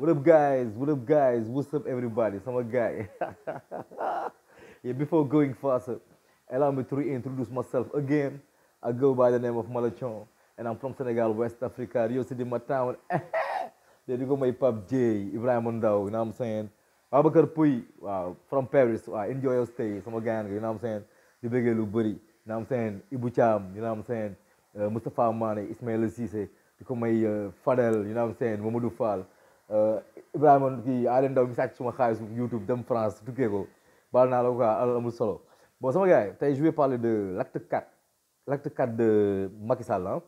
What up, guys? What up, guys? What's up, everybody? So I'm a guy. yeah, before going faster, allow me to reintroduce myself again. I go by the name of Malachon, and I'm from Senegal, West Africa, Rio City, my town. there you go, my pub J, Ibrahim Mondao, you know what I'm saying? Abakar Pui, wow, from Paris, wow, enjoy your stay, some gang, you know what I'm saying? The big Luburi, you know what I'm saying? Ibu Cham, you know what I'm saying? Uh, Mustafa Mane, Ismail Sise, become my uh, Fadel, you know what I'm saying? Mamadou Fall. Euh, Ibrahima kii Aly Ndao gi sàcc suma xaalis YouTube dem France tukkee ko baal naa la quoi alal amul solo bon sama gars yi tey je de l' acte 4 l' acte 4 de Macky Sall ah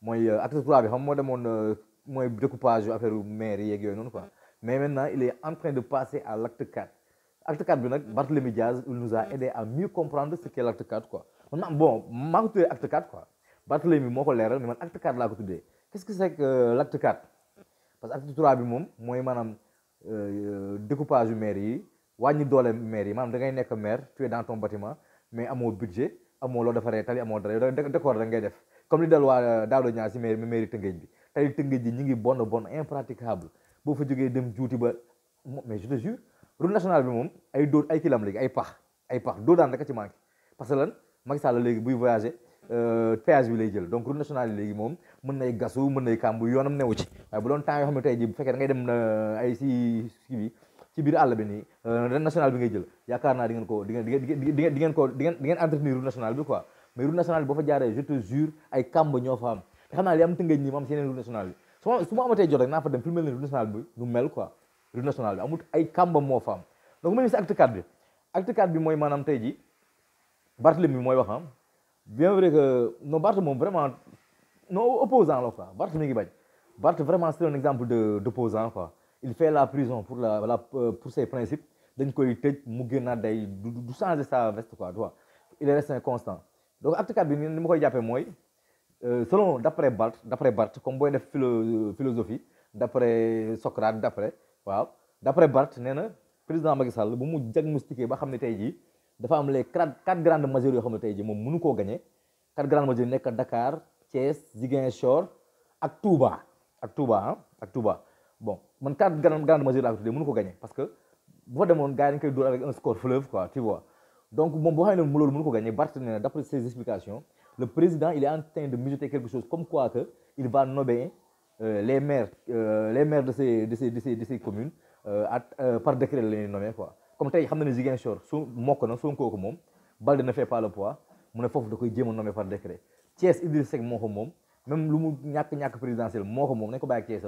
mooy euh, acte 3 bi xam moo demoon euh, mooy découpage affaire maire yeeg yooyu noonu quoi mais maintenant il est en train de passer à l' acte 4 acte bi nag Barthélémy Diaz il nous a mm. aidé à mieux comprendre ce qu' est l' acte 4 quoi man bon maa ko tuddee acte 4 quoi Barthélémy moo ko leeral mais man acte 4 laa ko tuddee qu' est ce que c' parce que acte bi moom mooy maanaam euh, découpage yu maire yi wàññi doole maire yi maanaam da ngay nekk maire tu dans ton bâtiment mais amoo budget amoo loo defaree tali amoo dara décor da ngay def comme li dal waa euh, Daouda Niang si mairie mairie Tëngéej bi tali Tëngéej ji ñu ngi bon bon impraticable boo fa jógee dem juuti ba mais je te jure route nationale bi moom ay dóor ay kilam léegi ay pax ay pax dóor daan rek a ci manqué parce que lan Macky Sall léegi buy voyager Euh, péage bi lay jël donc route nationale yi léegi moom mën nay gasu mën nay kàmbu yoonam newu ci waaye bu doon ne tey jii bu fekkee da ngay dem na euh, àll bi nii euh, route nationale bi jël yaakaar naa di ngeen ko di ngeen di ngeen di ngeen ko di ngeen di ngeen entretenir route nationale bi quoi mais route nationale bi boo fa jaaree je te jure ay kàmb ñoo fa am te xam naa li am tëngëj nii si yeneen route nationale bi su ma su ma amatee jot rek naa fa dem fi mu nationale bi nu mel quoi route nationale bi amut ay kàmbam moo fa donc mu ngi si acte 4 bi acte mooy wax am ah. bien vrai que non Barth mon vraiment non opposant là quoi Bart mi ngi bañ vraiment c'est un exemple de d'opposant quoi il fait la prison pour la la pour ses principes dañ koy tëj mu génnaat day du changer sa veste quoi tu vois il reste constant donc tout cas bien ni ma koy pas mooy euh, selon d'après Bart, d'après Bart, comme booy def philosophie d'après Socrate d'après waaw d'après Bart nee président Macky Sall bu mu diagnostiquer ba xam tay ji dafa am les quatre grandes mesures yoo xam ne tey jii moom mënu koo gagné quatre grandes mesures nekk Dakar Thiès Ziguinchor ak Touba ak Touba ah, ak Touba bon man quatre grandes grandes majeurs laa ko tuddee mënu ko gagné parce que bu fa demoon gars yi dañ koy dóor avec un score fleuve quoi tu vois donc moom boo xam ne mu loolu mënu ko gagné Barth nee na d' après ses explications le président il est en train de mijoter quelque chose comme quoi que il va nommer euh, les maires euh, les maires de ces de ces de ces de ces communes euh, par décret les nommer quoi. comme tey xam na ne Ziguinchor su mokk na Sonko ko koy jéem a nommé par décret Thiès Idriss Seck moo moom même lu mu ñàkk ñàkk présidentiel moo ko moom nañ ko bàyyi ak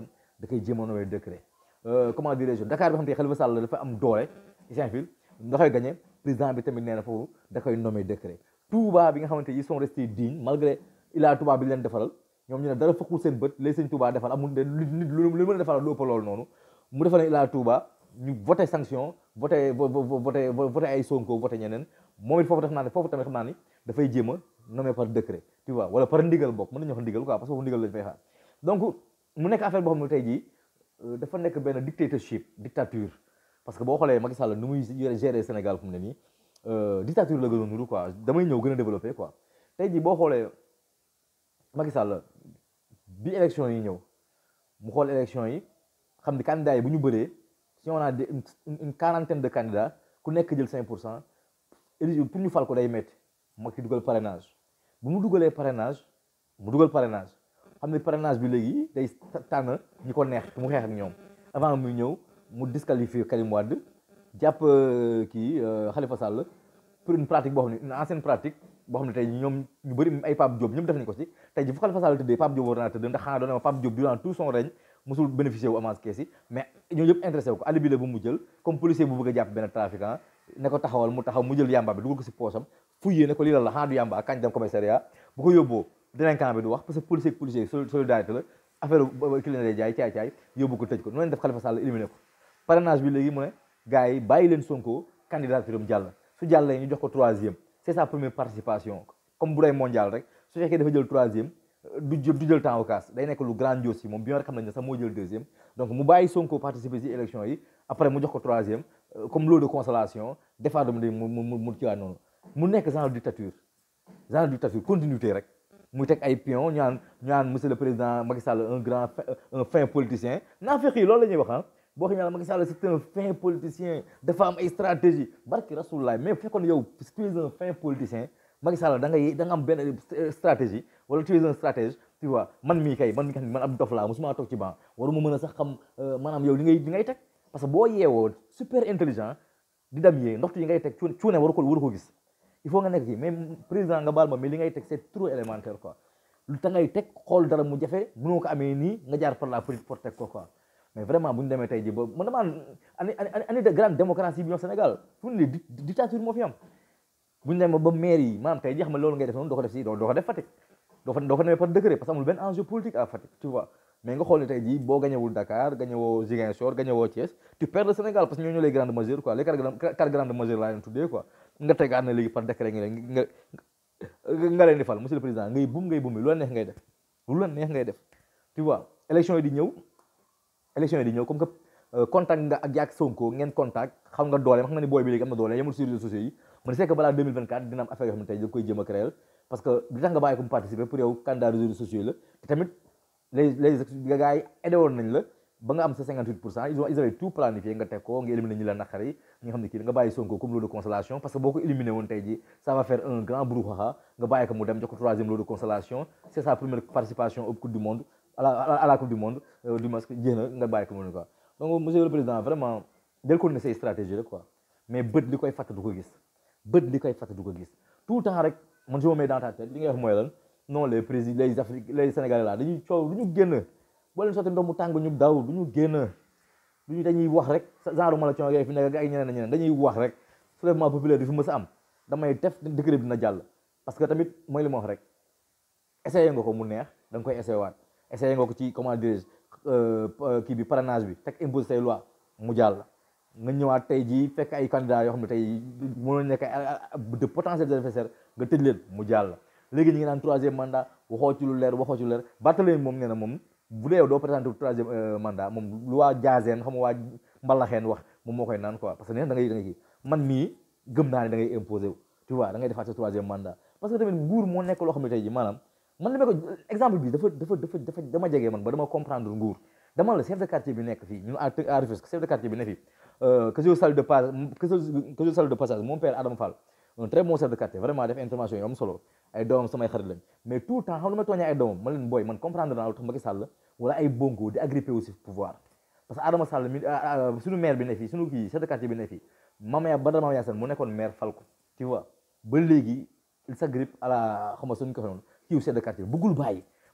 am a nommé décret euh, comment dirais-je Dakar bi xam te Khalifa Sall dafa am doole Saint-Ville da koy gagné président tamit nee na foofu da koy nommé décret Touba bi nga xamante ils sont restés dignes malgré ilaa Touba bi leen defaral ñoom ñu ne dara fëkkul seen bët léegi sëñ Touba defal amul lu a defal lu ëpp loolu noonu mu defal ilaa Touba ñu voté sanction voté voté voté ay Sonko voté ñeneen moom it foofu def naa ne foofu tamit xam naa ni dafay jéem a nommé par décret tu vois wala par ndigal bokk mën nañu wax ndigal quoi parce que foofu ndigal lañu fay xaar donc mu nekk affaire boo xam ne tey jii euh, dafa nekk benn dictatorship dictature parce que boo xoolee Macky Sall nu muy gérer Sénégal fu mu ne nii euh, dictature la gën a nuru quoi damay ñëw gën a développé quoi tey jii boo xoolee Macky Sall yi ñëw mu xool élection yi xam ni candidat yi ñu bëree si on a une, quarantaine de candidats ne que que 5 pour éligible pour ñu les ko day métti parrainage. parrainage bu mu parrainage mu dugal parrainage parrainage bi parrainage, day tànn ñi ko neex mu ak avant mu disqualifier Karim Wade euh, euh, Khalifa Sall pour une pratique une ancienne pratique boo xam ne ay Diop def ko ci Diop dans durant tout son règne musul bénéficier wu avance kees mais ñu yëpp intéressé wu ko alibi la bu mu jël comme policier bu bëgg japp ben trafiquant ne ko taxawal mu taxaw mu jël yamba bi dugal ko si poosam fuyee ne ko lii la la xanaa du yamba kañ dem commissariat bu ko yobbo dinañ kan bi du wax parce que policier policier solidarité la affaire ki leen jaay caay caay yobbu ko tejj ko non def Khalifa Sall éliminer ko parrainage bi légui mu ne gaay bayi bàyyi leen Sonko candidature am jàll su jàllee ñu jox ko 3e c'est sa première participation comme bu day mondial rek su fekkee dafa jël 3e du jël du jël temps Ocass day nek lu grandiose yi moom bi nga xam nañ ne sax moo deuxième donc mu bàyyi Sonko participer ci élection yi après mu jox ko troisième euh, comme lot de consolation defaat dama de mu mu ci kiiwaat noonu mu nek genre dictature genre dictature continuité rek muy tek ay pion ñu naan monsieur le président Macky Sall un grand un fin politicien N'a fekk yi loolu la wax hein bo xam Macky Sall c'est un fin politicien dafa am ay stratégie barki rasoulallah mais fekkoon yow c'est un fin politicien. Macky Sall da ngay da nga am benn eh, stratégie wala tu es un stratège man mii kay man mii man ab dof laa musuma toog ci banc waruma mën a sax xam euh, maanaam yow li ngay li ngay teg parce que boo yeewoo super intelligent di dam yee ndoxtu yi ngay teg cuune waru ko waru ko gis il faut nga nekk kii mais président nga baal ma mais li ngay teg c'est trop élémentaire quoi lu teg xool dara mu jafe mënoo ko amee nii nga jaar par la petite pour teg ko quoi mais vraiment bu ñu demee bu ñu ma ba maire yi maanaam tey jii xam loolu ngay def noonu doo ko def si doo ko def Fatick doo fa demee par décret parce que amul benn enjeu politique à Fatick tu vois mais nga xool ne tey jii boo gañewul Dakar gañewoo Ziguinchor gañewoo Thiès tu perds le Sénégal parce que ñoo ñoo les grandes mesures quoi les quatre grandes mesures laa leen tuddee quoi nga tegaat na léegi par décret nga leen di fal monsieur le président ngay bum ngay bumi lu lu la euh, na doole man c'est que balaa 2024 dina am affaire yoo koy jéem a créer parce que li tax nga bàyyi ko mu participer pour yow candidat réseaux sociaux la te tamit les les gars nañ la ba nga am sa 58 pour tout planifié nga teg ko nga éliminé ñi la naqar yi nga xam ne kii nga bàyyi de consolation parce que boo ko éliminé woon tey ji ça va faire un grand brouhaha nga bàyyi ko mu dem jox ko troisième lot de consolation c'est sa première participation au bët li koy fàtte du ko gis tout le temps rek man je me mets dans ta tête li ngay wax mooy lan non les ñu génn boo leen sotti ndox mu tàng ñu daw du ñu génn du dañuy wax rek genre Malathion yooyu fi nekk ak ñeneen ñeneen dañuy wax rek soulèvement populaire du fi mës a am damay def décret bi dina jàll parce que tamit mooy li ma wax rek essayé nga ko mu neex da nga koy essayé waat essayé nga ko ci comment dirais-je euh, euh, kii bi parrainage bi teg imposé say loi mu jàll. nga ñëwaat tey jii fekk ay candidats yoo xam ne tey mënoo nekk de potentiels leen mu jàll léegi ñu ngi naan troisième mandat waxoo ci lu leer waxoo ci moom nee na moom bu dee yow doo présenté troisième euh, mandat moom lu wax moom moo koy naan quoi parce que nee na da naa ne da ngay imposé wu tu vois da ngay mandat parce que tamit nguur moo nekk loo xam ne tey jii maanaam man li ma ko exemple bi dafa dafa dafa dafa dama jege man ba dama comprendre nguur dama la chef bi nekk fii ñun à Rufisque de quartier bi nekk fii Euh, que je salue de passage que je salue de passage mon père quartier vraiment def intervention yu solo ay doomam samay xarit lañ mais tout le temps lu may tooñee ay doomam ma leen booy man comprendre naa lu tax Macky Sall wala ay bongo di agrippé aussi pouvoir parce que Adama Sall mi ah, ah, euh, suñu bi ne fii suñu kii chef quartier bi ne fii Mamaya Badara Mamaya Sène mu nekkoon maire fal ko tu vois ba léegi il s'agrippe à la xam nga ko xewoon kii chef de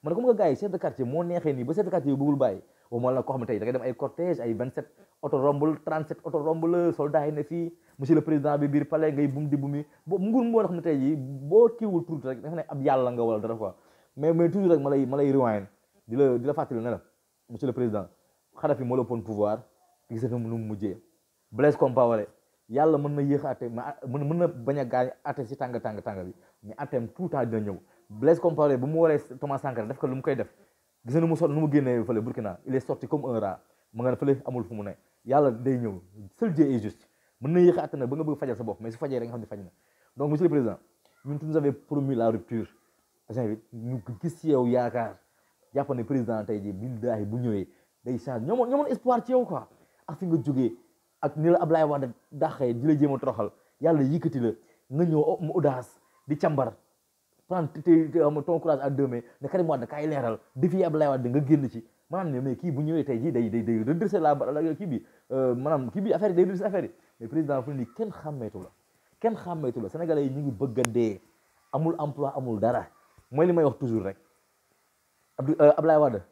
man comme que gars yi chef de quartier moo neexee nii ba chef de quartier yu bëggul bàyyi au moins la ko xam ne tey da dem ay cortège ay 27 oto rombul 37 oto rombul soldat yi ne fii monsieur le président bi biir palais ngay bum di bumi bo nguur moo xam ne tey jii boo kiiwul nga wala dara mais mais ma lay ma lay rewind di la di la fàttali ne la monsieur le président Kadhafi moo la pon pouvoir gis nga nu mujjee Blaise Compaoré yàlla mën na yéex a atte mën mën na bañ a gaañ atte si tàng tàng tàng bi mais atteem tout temps dina ñëw Blaise Compaoré bu mu waree Thomas Sankara def ko lu mu koy def gis nu mu so nu mu génnee fële Burkina il est sorti comme un rat mu fële amul fu mu ne yàlla day ñëw seul Dieu est juste mën na yéex a na ba nga bëgg fajal sa mais su fajee rek nga xam ne faj na donc monsieur le président ñun tu nous avais promis la rupture agent bi gis ci yow yaakaar jàpp président tey ji billaahi bu ñëwee day change ñoo ñoomoon espoir ci yow quoi ak fi nga jógee ak ni la Ablaye Wade dàqee di la jéem a toroxal yàlla yëkkati la nga ñëw oh, mu audace prendre ton courage à deux mains ne Karim Wade kaay leeral défier Abdoulaye Wade nga génn ci maanaam ne mais kii bu ñëwee tey jii day day day redresser la kii bi euh, maanaam kii bi affaire yi day redresser affaire yi mais président fu ni kenn xàmmeetu la kenn xàmmeetu la sénégalais yi ngi bëgg a dee amul emploi amul dara mooy li may wax toujours rek Abdou euh, Abdoulaye Wade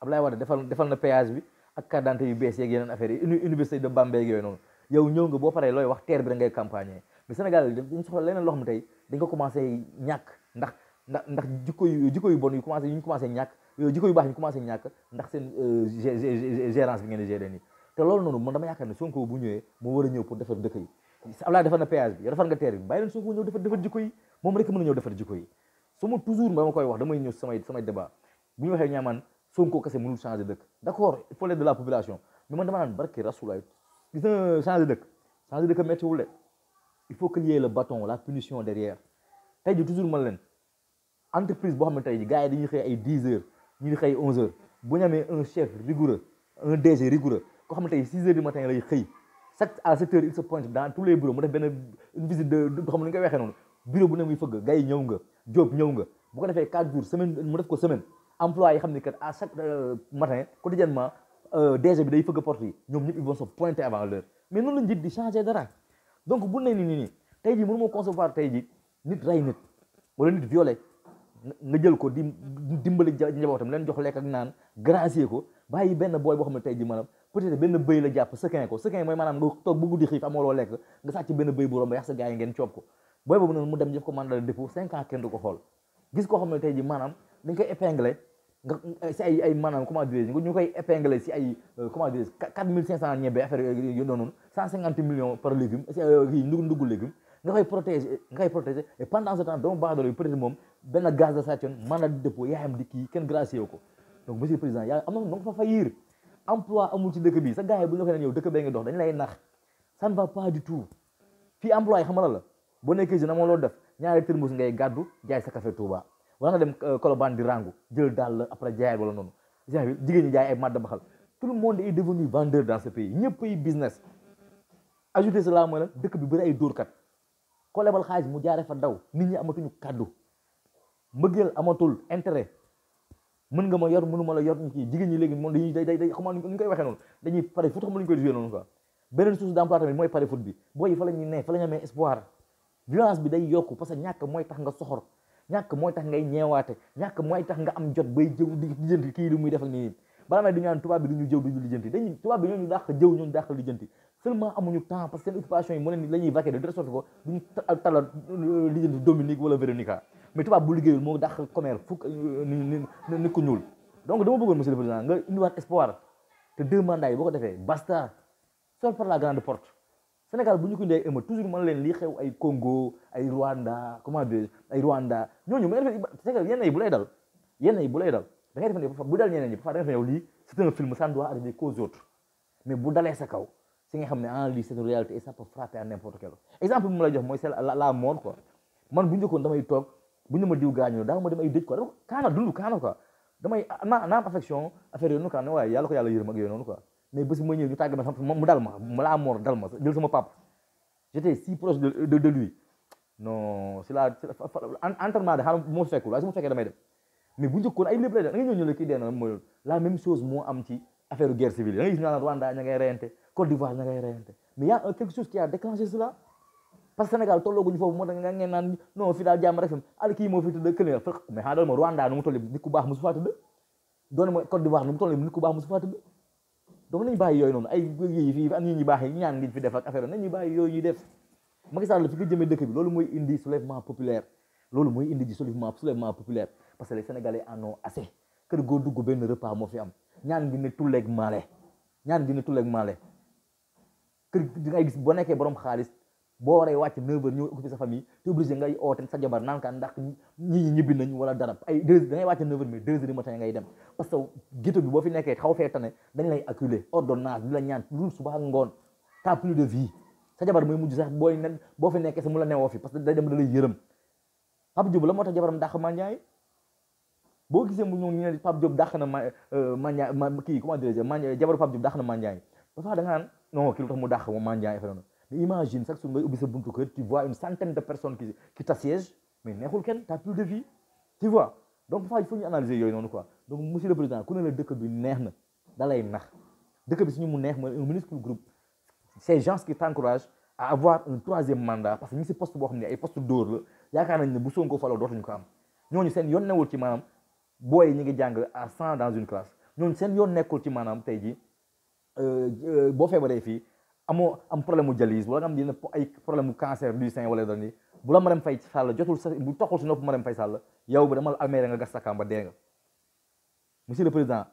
Abdoulaye Wade defal defal na péage bi ak carte d'identité yu bees yeeg yeneen affaire yi université de Bambey yooyu noonu yow ñëw boo paree looy wax terre bi da ngay campagne mais Sénégal leneen loo xam tey dañ ko commencé ñàkk ndax ndax ndax jikko yu jikko yu bon yu commencé yu ñu commencé ñàkk jikko yu baax ñu commencé ñàkk ndax seen euh, gérance bi ngeen di gérer nii te loolu noonu man dama yaakaar ne Sonko bu ñëwee moo war a ñëw pour defar dëkk yi Ablaye defar na péage bi yow defar nga terre bi bàyyi leen Sonko ñëw defar defar jikko yi moom rek mën a ñëw defar jikko yi su ma toujours ma koy wax damay ñëw samay samay débat bu ñu waxee ñaamaan Sonko kese mënul changer dëkk d' accord il faut l'aide de la population mais man dama naan barke rasulaay gis na changer dëkk changer dëkk méttiwul il faut qu'il y ait le bâton la punition derrière tey ji toujours man leen entreprise boo xam ne tey ji gars yi xëy ay dix heures ñu ngi xëy onze heures bu ñu amee un chef rigoureux un DG rigoureux koo xam ne tey six heures du matin lay xëy chaque à sept heures il se pointe tous les bureaux mu def benn une visite de xam ne ni nga koy waxee noonu bureau bu ne muy fëgg gars ñëw nga job ñëw nga bu ko defee quatre jours semaine mu def ko semaine employé yi xam ne kat à chaque euh, matin quotidiennement euh, DG ñoom ñëpp ils vont se pointer avant l'heure mais noonu la njiit di tey jii mënu ma concevoir tey nit rey nit wala nit violé nga jël ko di dimbali njabootam leen jox lekk ak naan gracier ko bàyyi benn booy boo xam ne tey ji maanaam peut-être benn bëy la jàpp bu guddi xiif amoo loo ngeen coob ko booy boobu noonu mu dem jëf ko mandat de dépôt cinq ans ko xool gis koo xam ne tey ji maanaam dañ koy épinglé si ay ay maanaam comment dirais je ñu koy épinglé si ay euh, comment dirais je quatre mille cinq cent ñebe affaire yooyu noonu cent cinquante millions par légume si ndug euh, ndugu nga koy protéger nga koy protéger et pendant ce temps doomu baadoolo bi peut-être moom benn gaz de station mandat de dépôt yaayam di kenn gracié wu donc monsieur président yaa am na ma nga fa fayir emploi ci dëkk bi sa gars yi bu ñu la ko ne yow dëkk bee nga dox dañu lay nax ça ne va pas du tout fii emploi yi xam nga la boo nekkee jeune amoo loo def ñaari tërmus ngay gàddu jaay sa café Touba wala nga dem euh, Colobane di rangu jël daal la après jaayaat wala noonu genre jigéen ñi jaay ay madda baxal tout le monde est devenu vendeur dans ce pays ñëpp business ajouté dëkk bi bëri ay dóorkat ko lebal xaalis mu jaare fa daw nit ñi amatuñu kàddu mbëggeel amatul intérêt mën nga ma yor mënuma la yor ñu kii ñi léegi moom dañuy day day day xamaa ñu koy waxee noonu dañuy pare foot xam lu ñu koy joué noonu quoi beneen source d'emploi mooy bi booy tax nga soxor ñàkk mooy tax ngay ñeewaate ñàkk mooy tax nga am jot bay jëw di lijjanti kii li muy def ak nii balaa may du ñu naan tubaab bi du ñu ñu lijjanti dañu tubaab bi jëw lijjanti seulement amuñu temps parce que seen occupation yi moo leen la ñuy vaquer de telle sorte que duñu talal euh, euh, lijjanti Dominique wala Véronica mais tubaab bu liggéeyul moo dàq commerce fukk euh, nit ku ñuul donc dama bëggoon monsieur le président nga indiwaat espoir te deux mandats yi boo ko defee basta sort par la grande porte Sénégal bu ñu ko indee émeute toujours mën leen lii xew ay Congo ay Rwanda comment dire ay Rwanda ñooñu ma defe yenn yi bu lay dal yenn yi bu lay dal da ngay defe ne bu dal ñeneen ñi parfois da nga defe yow lii c'est un film ça ne doit arriver qu'aux autres mais bu dalee sa kaw si nga xam ne en lii c'est une et ça peut frapper à n'importe exemple mu lay jox mooy c'est la mort quoi man bu njëkkoon damay toog bu ñu ma diw gaañu kaana dund kaana quoi damay ah, naa affection affaire yooyu noonu quoi ko yàlla yërëm ak yooyu noonu quoi bu ma ñëw ñu tàgg ma xam mu dal ma mu si proche de lui non c'est la de xaaral moo fekkul waaye su fekkee damay dem mais bu njëkkoon ay lépp lay def da nga ñëw ñu la kii dee na mooy la même chose moo am ci affaire guerre civile Côte d'Ivoire na ngay reyante mais y a quelque chose qui a déclenché cela parce que Sénégal tollooguñu foofu moo tax nga ngeen naan non fii daal jàmm rek fi al kii moo fi tëdd kële ma Rwanda baax mosu faa tëdd doon ma Côte d'Ivoire nu mu toll ñi baax yi ñaan ngi fi def ak affaire nañu bàyyi yooyu ñuy def Macky Sall fi nga jëmee dëkk bi loolu mooy indi soulèvement populaire loolu mooy indi ji soulèvement populaire parce que les Sénégalais en ont kër di ngay gis boo nekkee borom xaalis boo waree wàcc 9h ñëw sa jabar naan ka ndax ñi ñi ñibbi nañ wala dara ay 2 da ngay wàcc 9h mais 2 du boo fi nekkee xaw fee tane dañ lay acculé ordonnance lu la ñaan lu suba ngoon t'as plus de vie sa jabar mooy mujj sax booy nen boo fi nekkee sa mu la newoo fi parce que day dem da lay yërëm Pape Diop la moo tax jabaram dàq manjaay boo gisee mu ñëw ñu ne Pape Diop na ma euh, manjaay kii comment dirais je jabaru Pape Diop dàq na manjaay non kii lu tax mu dàq moom maa mais imagine chaque jour ngay buntu kër tu vois une centaine de personnes qui qui t'assiègent mais neexul kenn t'as plus de vie tu vois donc il faut analyser yooyu noonu quoi donc monsieur le président Qu'on ne la dëkk bi neex na da lay nax dëkk bi suñu mu un minuscule groupe ces gens qui t'encouragent à avoir un troisième mandat parce que ni si poste boo xam ne ay poste dóor la yaakaar nañ ne bu Sonko faloo dootuñu ko am ñooñu seen yoon newul ci maanaam boy ñi ngi jàng à 100 dans une classe ñooñu seen yoon nekkul ci maanaam tey jii Euh, euh, boo feebaree fii amoo am problème mu dialyse wala nga am dina ay problème mu cancer du sen wala dara nii bu la fay Faye Sall jotul sa bu toxul si nopp Marème Faye Sall yow bi dama amee nga gas sa kàmba dee nga monsieur le président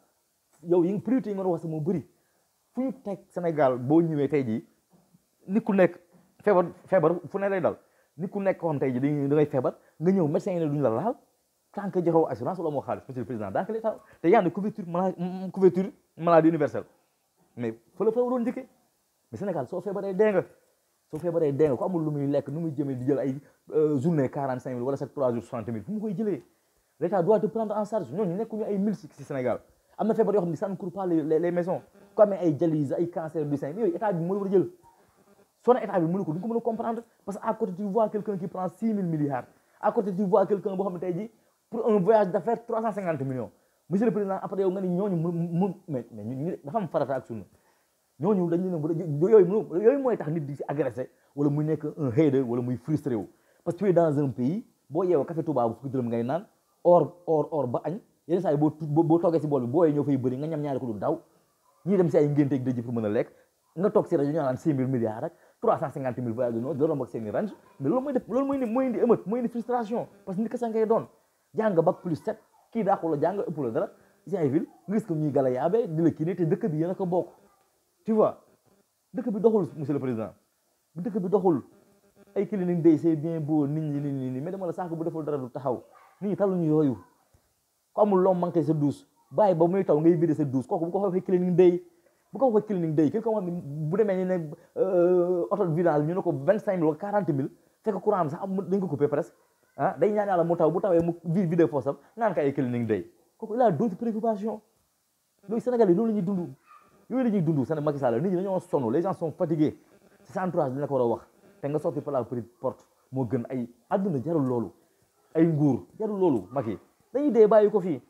yow yi nga priorité yi nga wax sama bëri fu ñu teg Sénégal boo ñëwee tay jii nit ku nekk feebar feebar fu ne lay dal nit ku nekk xam tey jii dañuy feebar nga ñëw médecin yi ne duñ la laal tant que joxewoo assurance wala président daa te yaa ne couverture maladie couverture mais fa la fa waroon njëkkee mais Sénégal soo feebaree dee dénga soo feebaree dee dénga ko amul lu muy lekk nu muy jëmee di jël ay euh, journée quarante cinq mille wala sax trois jours soixante mille fu mu koy jëlee l'état doit te prendre en charge ñooñu nekkuñu ay mille si Sénégal am na feebar yoo xam ne ça ne court pas les les maisons ku amee ay jalise ay cancer du sein yooyu état bi moo la war a jël soo ne état bi mënu ko du ko mën a comprendre parce que à côté tu vois quelqu'un qui prend six mille milliards à côté tu vois quelqu'un boo xam ne tey ji pour un voyage d'affaires trois cent cinquante millions monsieur le président après yow nga ni ñooñu mu mais mais dafa am farata ak sunu ñooñu dañu ne yooyu yoy moy tax nit di ci agresser wala muy nek un hater wala muy frustré wu parce que tu es dans un pays bo yew café Touba bu fukki dërëm ngay naan or or or ba añ yenn say bo bo boo ci bol bi boy yee ñoo fay bëri nga ñam ñaar ko dul daw ñi dem ci ay ngénte ak dëj pour mën a nga tok ci radio ñu naan 5 milliards ak 350000 voyage no do doo seen range mais lool moy def lool moy ni moy indi émeut moy indi frustration parce que nit ka sa ngay doon jang bac plus 7 kii daa ko la jàng ëpp la dara si ay ville nga gis ko ñuy gala yaabe di la kii ne te dëkk bi yéen a ko bokk tu vois dëkk bi doxul monsieur le président dëkk bi doxul ay clinique day c'est bien beau nit ñi nit ñi mais la saako bu deful dara du taxaw nit ñi taluñu yooyu ku amul loo manqué sa douche bàyyi ba muy taw ngay vider sa douche kooku bu ko waxee clinique day bu ko waxee clinique day képp koo xam ne bu demee ñu ne euh, oto vidange ñu ne ko vingt cinq mille wala quarante mille ko coupé ah day ñaan yàlla mu taw bu tawee mu vide poosam naan ka ay cleaning day kooku il a d'autres préoccupations loolu Sénégal yi loolu la ñuy dund yooyu la ñuy dund seen Macky Sall nit ñi dañoo sonn les gens sont fatigués ci sa entourage dina ko war a wax te nga sorti par la petite porte moo gën ay àdduna jarul loolu ay nguur jarul loolu Macky dañuy dee bàyyi ko fii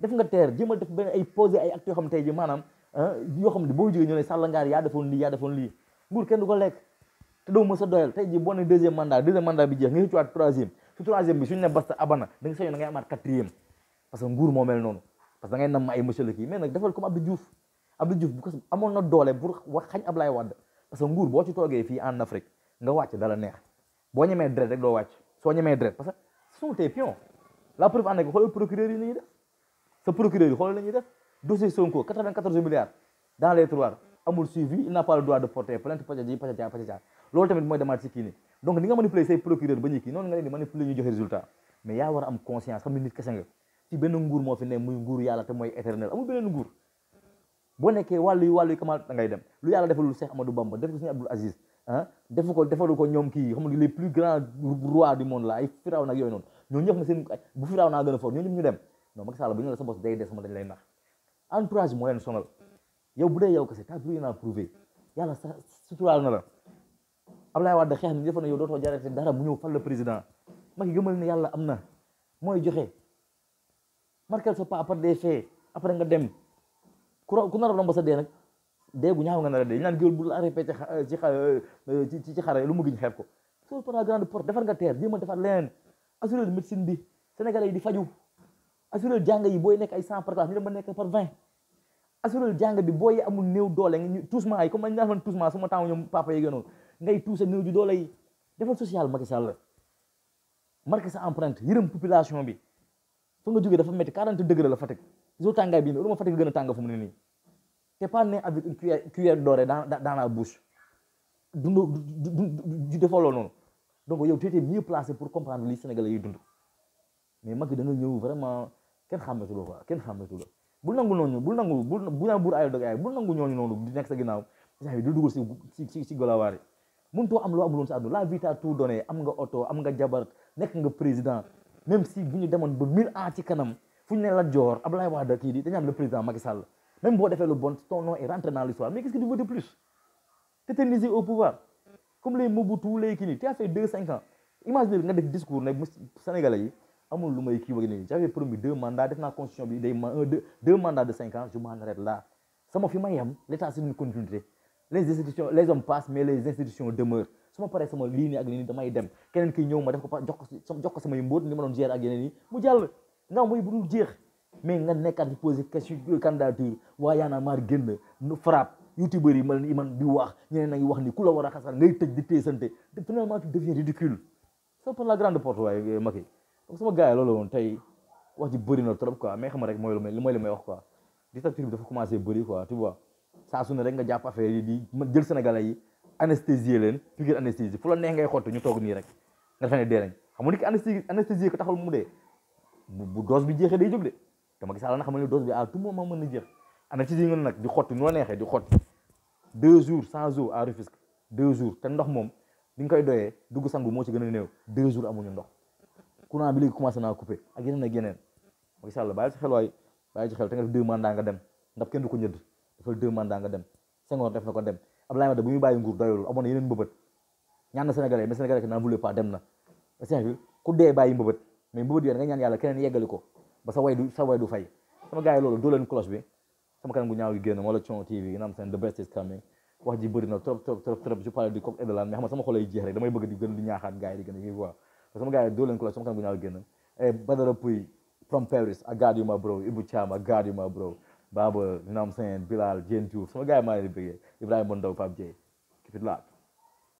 def nga teer jéemal def benn ay posé ay actes yoo xam tey ji maanaam ah, yoo xam ne boo jógee ñoo ne sàllangaar yaa defoon lii yaa defoon lii nguur kenn du ko lekk te doo mës a doyal tey jii boo ne deuxième mandat deuxième mandat bi jeex nga xëccuwaat troisième su troisième bi suñu ne basta abana da nga sañoon amaat quatrième parce que nguur moo mel noonu parce que da ngay nam ay doole pour parce que nguur boo ci toogee fii en Afrique nga wàcc dala neex boo ñemee dret rek doo wàcc soo ñemee dret parce que ce sont tes pions la preuve en est que xoolal procureur yi la ñuy def sa procureur yi xoolal la ñuy def dossier Sonko 94 milliards amul suivi il n'a pas le droit de porter plainte pajaji pajaja pajaja loolu tamit mooy demaat si kii ni donc ni nga manipuler say procureur ba ñuy kii noonu nga leen di manipuler ñuy joxe résultat mais yaa war am conscience xam ne nit kese nga benn nguur moo fi ne muy nguur yàlla te mooy éternel amul beneen nguur boo nekkee wàllu yi wàllu yi kamal da ngay dem lu yàlla defalul Cheikh Amadou Bamba def ko suñu Abdoul Aziz ah ko defalu ko ñoom kii xam plus grands yow bu dee yow kese t'as plus rien à prouver yàlla sa suturaal na la Ablaye Wade xeex ni defoon na yow dootoo jarate dara mu ñëw la le ma Macky gëmal ne yàlla am na mooy joxe marquel sa pas par après nga dem ku nar a romb sa dee nag dee gu ñaaw nga nar a dee ñu naan géwél bu la répété euh, ci ci ci ko soo par la defar nga teer jéem ma defar leneen assuré médecine bi sénégalais yi di faju assuré jàng yi booy nekk ay cent par classe ñu dem ba nekk par vingt assurer jàng bi booy amul néew doole nga toussement yi comme man ñu naan toussement sama temps ñoom papa yeeg noonu ngay tousse néew ji doole yi defal social Macky Sall la marqué sa empreinte yërëm population bi fa nga jógee dafa métti 40 degré la Fatick soo tàngaay bi ne lu ma Fatick gën a tàng fu mu ne nii t'es pas né avec une cuillère cuillère dorée dans du defoo loolu noonu donc yow tu étais mieux placé pour comprendre li Sénégalais yi dund mais ma da nga ñëw vraiment kenn xàmmetu la quoi kenn xàmmetu la bul nangu ñooñu bul nangu bul bu naan buur ayoo dog ay bul nangu ñooñu noonu di nekk sa ginnaaw saa yi du dugg si si si golawaar yi mënutoo am loo amuloon sa àdduna la vie t'a tout donné am nga oto am nga jabar nekk nga président même si bu ñu demoon ba mille ans ci kanam fu ñu ne la joor Abdoulaye Wade kii di dañu am le président Macky Sall même boo defee lu bon ton nom est rentré dans l'histoire mais qu'est-ce que tu veux de plus tétanisé au pouvoir comme les Mobutu les kii nii tu as fait deux cinq ans imagine nga def discours ne Sénégalais yi amul lu may kii wag nii j'avais promis deux mandats def naa constitution bi day ma de cinq ans je m'en arrête sama fi ma yem l'état c'est continuité les institutions les hommes passent mais les institutions demeurent su ma paree sama lii nii ak lii nii damay dem keneen ki ñëw ma def ko pa jox ko jox ko ma doon gérer ak yeneen yi mu jàll nga mooy bu dul jeex mais nga nekkaat di posé question candidature waa Y'en a marre génn frappe youtubeurs yi ma leen man di wax ñeneen a ngi wax ni ku la war a xasal ngay tëj di téye sante finalement tu deviens ridicule c'est pour la grande donc sama gars loolu woon tey wax ji bëri na trop quoi mais rek mooy li mooy li may wax quoi dictature bi dafa commencé bëri quoi tu vois saa su ne rek nga jàpp affaire jël Sénégalais yi anesthésier leen figure anesthésie fu la neex ngay xott ñu toog nii rek nga defee ne dee nañ xam nga ni anesthésie anesthésie ko taxul mu dee bu dose bi jeexee day jóg de dama gis àll na xam ne dose bi nag di xot nu la neexee di xotti deux jours sans eau à Rufisque deux jours te ndox moom di nga koy doyee dugg sangu moo ci gën a néew deux jours amuñu ndox courant bi ku dee bàyyi mbëbët mais mbëbët yooyu da ñaan yàlla keneen yeggali ba sa way du fay sama gars loolu doo leen bi sama kanam gu ñaaw gi génn Maola Thion TV yi nga seen the best is coming wax ji bëri na trop trop trop trop je parle du coq de l'âne mais xam nga sama xol ay jeex rek damay bëgg di gën ñaaxaat gars di gën a sama gars yi doo leen a la sama kanam gu ñaaw génn eh Badara Pouy from Paris I got you my bro Ibou Thiam I got you my bro Baba you know what I'm saying Bilal Dieng Diouf yi maa leen di bëggee Ibrahima Bondaw Pape Dieye keep it locked